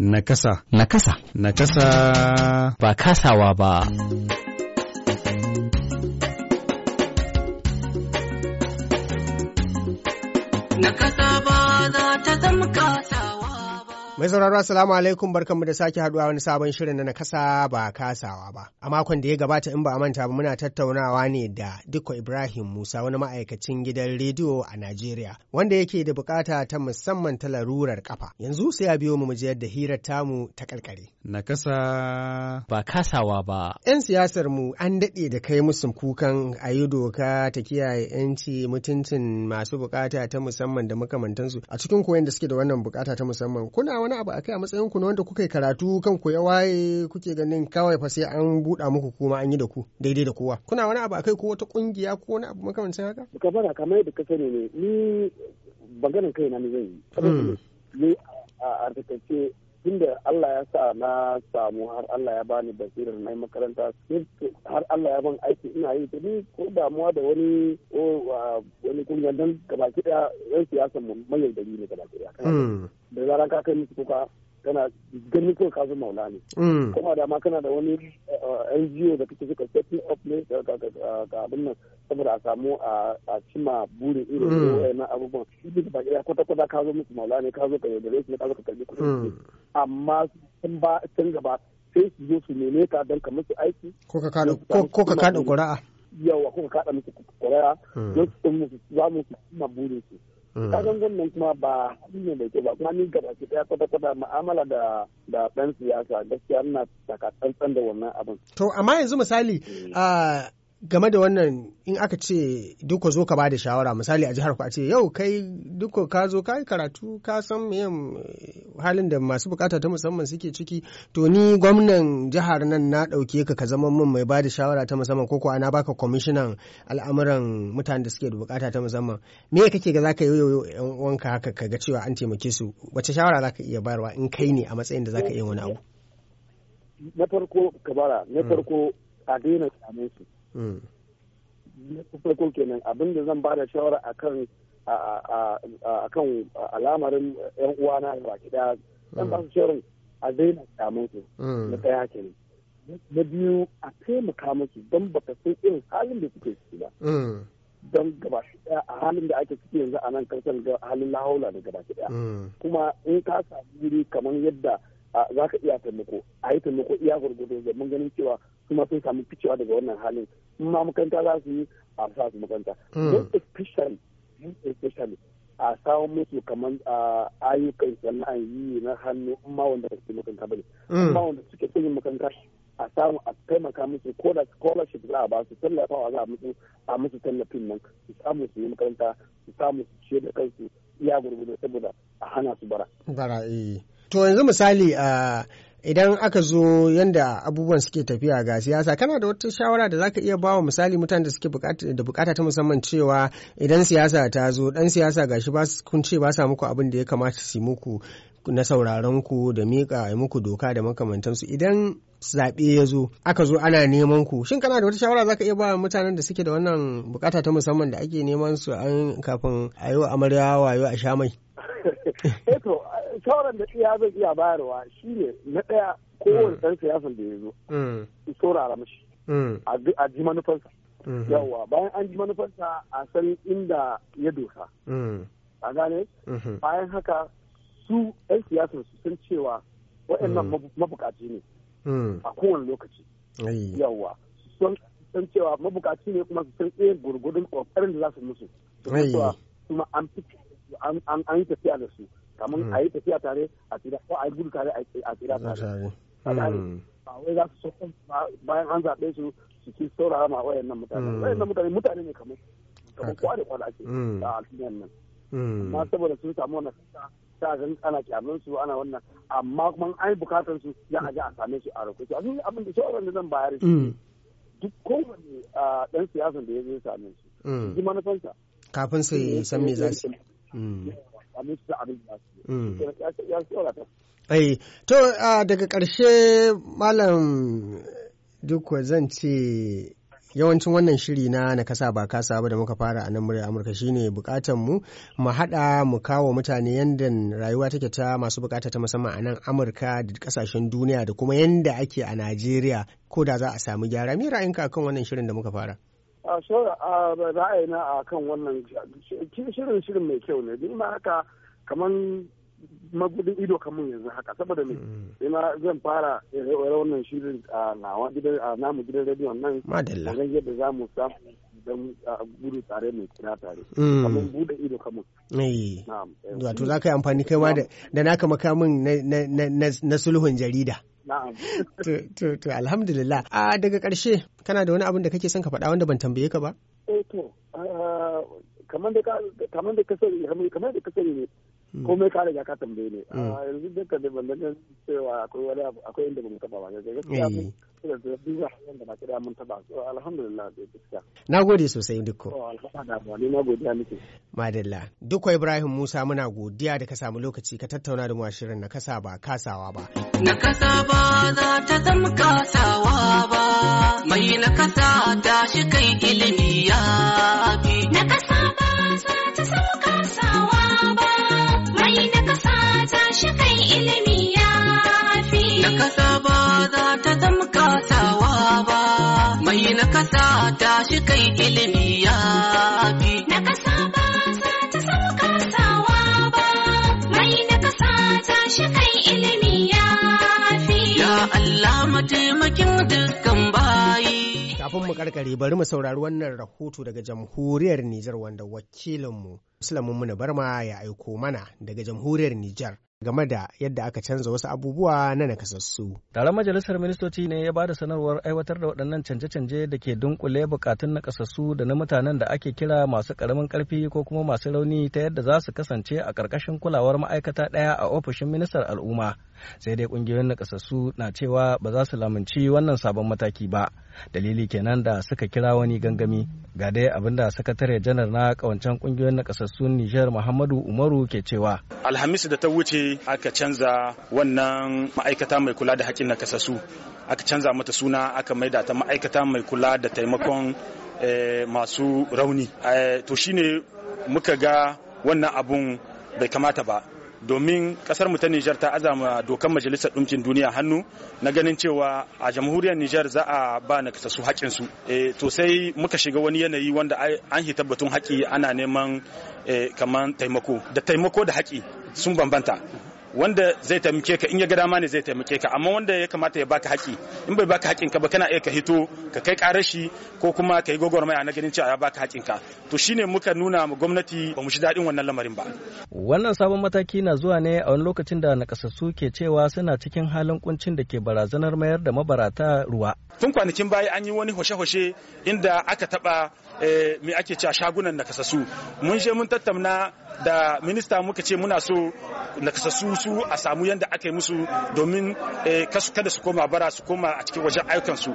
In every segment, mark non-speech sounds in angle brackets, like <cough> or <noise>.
Nakasa. Nakasa. Nakasa. Ba kasawa ba. Nakasa ba za ta zama kasawa. Mai sauraro Assalamu alaikum barkanmu da sake haduwa wani sabon shirin na kasa ba kasawa ba. A makon da ya gabata in ba a manta ba muna tattaunawa ne da Dikko Ibrahim Musa wani ma'aikacin gidan rediyo a Najeriya wanda yake da bukata ta musamman ta larurar kafa. Yanzu sai ya biyo mu muje yadda hirar tamu ta kalkare. Na kasa ba kasawa ba. Yan siyasar mu an dade da kai musu kukan a yi doka ta kiyaye yanci mutuncin masu bukata ta musamman da makamantansu a cikin koyon da suke da wannan bukata ta musamman kuna wani abu akai a matsayin ku na wanda kuka karatu kan ku ya waye kuke ganin kawai fa sai an buɗa muku kuma an yi da ku daidai da kowa kuna wani abu akai ko wata kungiya ko wani abu makamancin haka fara kamar yadda ka sani ne ni bangaren kai na ni zan yi hmm. ni a tun da Allah ya sa na samu har Allah ya bani basirar na makaranta har Allah ya ban aiki ina yi ta ni ko damuwa da wani wani kungiyar don gabaki da yan siyasa manyan gari ne gabaki da hmm. da zaran ka kai musu kuka kana ganin kai kazo maula ne mm. kuma da ma kana da wani eh, NGO da kake suka setting up ne ga abin nan saboda a samu a cima buri irin mm. wayannan abubuwan shi da baki kwata kwata kazo zo musu maula ne kazo ka yaudare shi ka zo ka karbi kuɗin mm. amma sun ba sun gaba sai su zo su neme ka don ka musu aiki ko ka kaɗa ƙuri'a yawa ko ka kaɗa musu ƙuri'a don su za mu su cima burin su Mm. kasan nan kuma ba ne mai kyau ba kuma ni gaba ki ta kwata kwata ma'amala da da dan siyasa gaskiya ina takatsantsan da wannan abin to amma yanzu misali mm. ah, game da wannan in aka ce duka zo ka bada shawara misali a jihar ku a ce yau kai duka ka zo ka yi karatu ka san meyam eh, halin da masu bukata ta musamman suke ciki to ni gwamnan jihar nan na ɗauke ka ka zama min mai bada shawara ta musamman ko ana baka kwamishinan al'amuran mutanen da suke da bukata ta musamman me kake ga ka yi yau yan uwanka haka ka ga cewa an taimake su wace shawara za ka iya bayarwa in kai ne a matsayin da za ka iya wani abu na farko kabara na farko a daina su farko kenan abinda zan ba da shawara akan akan al'amarin yan uwana da baki daya zan ba su shawarar a daina su mm. na daya kenan na biyu a taimaka musu don baka san irin halin da suke ciki ba mm. don gaba a halin da ake ciki yanzu a nan karshen halin lahaula da gaba daya mm. kuma in ka samu wuri kamar yadda za ka iya taimako a taimako iya da mun ganin cewa kuma sun samu ficewa daga wannan halin in ma makaranta za su yi a sa su makanta hmm. don especially especially a samun musu kamar ayyukan sana'an yi na hannu in ma wanda suke makanta bane hmm. in ma wanda suke son yin a samu a taimaka musu ko da scholarship za a ba su tallafawa za a musu a musu tallafin nan su samu su yi makaranta su samu su ce da kansu iya gurgudu saboda a hana su bara. Bara eh. To yanzu misali a idan aka zo yadda abubuwan suke tafiya ga siyasa kana da wata shawara da zaka iya bawa misali mutane da suke da bukata ta musamman cewa idan siyasa ta zo dan siyasa gashi ba kun ce ba sa muku abin da ya kamata su muku na sauraron ku da miƙa muku doka da makamantansu idan zaɓe ya zo aka zo ana neman ku shin kana da wata shawara zaka iya ba mutanen da suke da wannan bukata ta musamman da ake neman su an kafin a yi wa amarya wayo a sha mai Eto, eh, shawarar da iya zai iya bayarwa shi ne na ɗaya kowane ɗan siyasan da ya zo. su mm. Saurara mashi. Mm. A ji manufarsa. Mm-hmm. Yawwa bayan an ji manufarsa a san inda ya dosa. Mm. A gane? Mm-hmm. Bayan haka su ɗan siyasar su san cewa waɗannan mabukaci ne. A kowane lokaci. Yawwa. San cewa mabukaci ne kuma su san tsaye gurgudun ƙoƙarin da za su musu. Kuma an fi an yi tafiya da su kamar hmm. a yi tafiya tare a tsira ko a yi gudu tare a tsira tare hmm. ba wai za su so bayan an zaɓe su su ci saurara ma wayan nan mutane hmm. wayan nan mutane mutane ne kamar kamar kowa da kwada ake a alfiniyan nan amma saboda sun samu wannan sa ga ana kyamun su ana wannan amma kuma an yi bukatar su ya aje a same su a rukuci abin abin da shawarar da zan bayar shi duk kowane dan ah, siyasa da ya zo same su ji kafin sai eh, san me za su eh, Mm. Mm. ai to daga ƙarshe malam duk zan ce yawancin wannan shiri na na kasa ba kasa ba da muka fara a nan murya amurka shine bukatan mu mu hada mu kawo mutane yadda rayuwa take ta masu bukata ta musamman a nan amurka da kasashen duniya da kuma yadda ake a najeriya ko da za a samu gyara me ra'ayinka kan wannan shirin da muka fara a so a ra'ayina a kan wannan shirin shirin mai kyau ne ma haka kamar magudin ido kamun yanzu haka saboda ne mm. ma zan fara wannan shirin a namu gidan rediyon nan madalla yadda za mu samu don gudu tare mai kira tare hmm. kamar bude ido kamar eh, wato za ka yi amfani kai ma da naka makamin na sulhun jarida <laughs> to to alhamdulillah a daga karshe kana da wani abin da kake son ka faɗa wanda ban tambaye ka ba eh to kamar da ka sani kamar da ka sani Mm. komai ka riga ka tambaye ne mm. a ah, yanzu duka da ban ganin cewa akwai wani abu akwai inda bamu taba ba ga gaskiya mun eh. da duba hanyar da ba mun taba so alhamdulillah da gaskiya nagode sosai dukko oh, alhamdulillah ni nagode miki madalla dukko ibrahim musa muna godiya da ka samu lokaci ka tattauna da mu a shirin na kasa ba kasawa ba na kasa ba za ta zama kasawa ba mai na kasa ta shi kai ilimi ya fi na kasa ilimi ya fi. Nakasa ba za ta zama kasawa ba, mai nakasa ta shi kai ilimi ya fi. Nakasa ba za ta zama kasawa ba, mai nakasa ta shi kai ilimi ya fi. Ya Allah mataimakin dukkan bayi. kafin mu karkare bari mu saurari wannan rahoto daga jamhuriyar Nijar wanda wakilinmu Sulaiman Muna Barma ya aiko mana daga jamhuriyar Nijar. game da yadda aka canza wasu abubuwa na nakasassu. Taron majalisar ministoci ne ya ba da sanarwar aiwatar da waɗannan canje-canje da ke dunkule bukatun nakasassu da na mutanen da ake kira masu karamin karfi ko kuma masu rauni ta yadda za su kasance a ƙarƙashin kulawar ma'aikata ɗaya a ofishin ministar al'umma. sai dai kungiyoyin nakasassu na cewa ba za su lamunci wannan sabon mataki ba dalili kenan da suka kira wani gangami ga dai abinda sakatare janar na kawancen kungiyoyin nakasassun nijar muhammadu umaru ke cewa alhamis da ta wuce aka canza wannan ma'aikata mai kula da haƙƙin nakasassu aka canza mata suna aka maida ta ma'aikata mai kula da taimakon eh, masu rauni eh, to shine muka ga wannan abun bai kamata ba domin kasar mu ta Nijar ta azama dokan majalisar ɗumkin duniya hannu na ganin cewa a jamhuriyar Nijar za a ba na kasasu su e, eh, to sai muka shiga wani yanayi wanda an hita batun haƙi ana neman e, kaman taimako da taimako da haƙi sun bambanta wanda zai taimake ka in ya ga dama ne zai taimake ka amma wanda ya kamata ya baka haƙi in bai baka haƙin ka ba kana iya ka hito ka kai ƙarar shi ko kuma ka yi mai na ganin cewa ya baka haƙin ka to shine muka nuna ma gwamnati ba mu shi daɗin wannan lamarin ba wannan sabon mataki na zuwa ne a wani lokacin da nakasassu ke cewa suna cikin halin kuncin da ke barazanar mayar da mabarata ruwa tun kwanakin baya an yi wani hoshe-hoshe inda aka taɓa eh, me ake cewa shagunan nakasassu mun je mun tattauna da minista muka ce muna so nakasassu su a samu yadda aka yi musu domin eh, kada su koma bara su koma a cikin wajen ayyukansu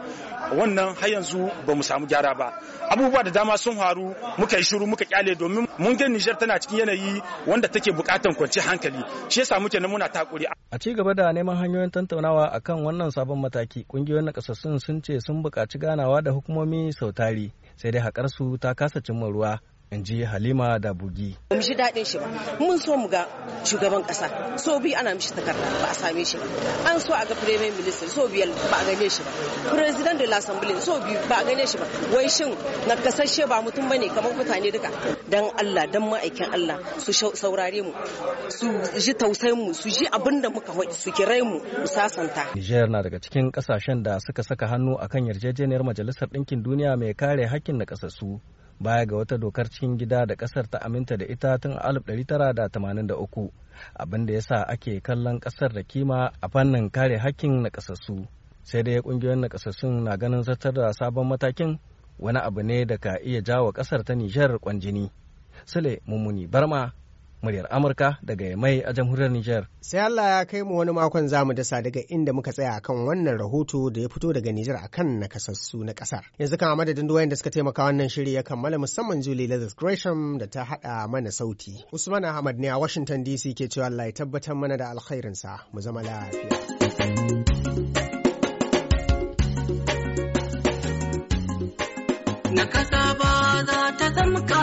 wannan har yanzu ba mu samu gyara ba abubuwa da dama sun haru muka yi shiru muka kyale domin mun ga Nijar tana cikin yanayi wanda take bukatan kwanci hankali shi yasa muke nan muna takuri a ci gaba da neman hanyoyin tantaunawa akan wannan sabon mataki kungiyoyin nakasassun sun ce sun buƙaci ganawa da hukumomi sautari, sai dai haƙar su ta kasa cimma ruwa in ji halima da bugi mu shi daɗin shi ba mun so mu ga shugaban ƙasa so bi ana mishi takarda ba a same shi ba an so a ga premier minister so biyar ba a gane shi ba president de l'assemblée so biyu ba a gane shi ba wai shin nakasasshe ba mutum ba ne kamar mutane duka dan Allah dan ma'aikin Allah su saurare mu su ji tausayin mu su ji abin da muka hoji su kira mu mu sasanta Niger na daga cikin kasashen da suka saka hannu akan yarjejeniyar majalisar ɗinkin duniya mai kare hakkin na ƙasasu baya ga wata dokar cikin gida da kasar ta aminta da ita tun 1983 abin da ya sa ake kallon kasar da kima a fannin kare hakkin nakasassu sai dai kungiyoyin nakasassun na ganin zartar da sabon matakin wani abu ne da ka iya jawo kasar ta nijar kwanjini sule mummuni barma muryar Amurka daga mai a jamhuriyar Nijar. Sai Allah ya kai mu wani makon zamu dasa daga inda muka tsaya akan wannan rahoto da ya fito daga Nijar akan nakasassu na kasar. Yanzu kan madadin duwayen da suka taimaka wannan shiri ya kammala musamman Julie Lazarus Gresham da ta haɗa mana sauti. Usman Ahmad ne a Washington DC ke cewa Allah ya tabbatar mana da alkhairinsa mu zama lafiya. Na kasa ba za ta zamka.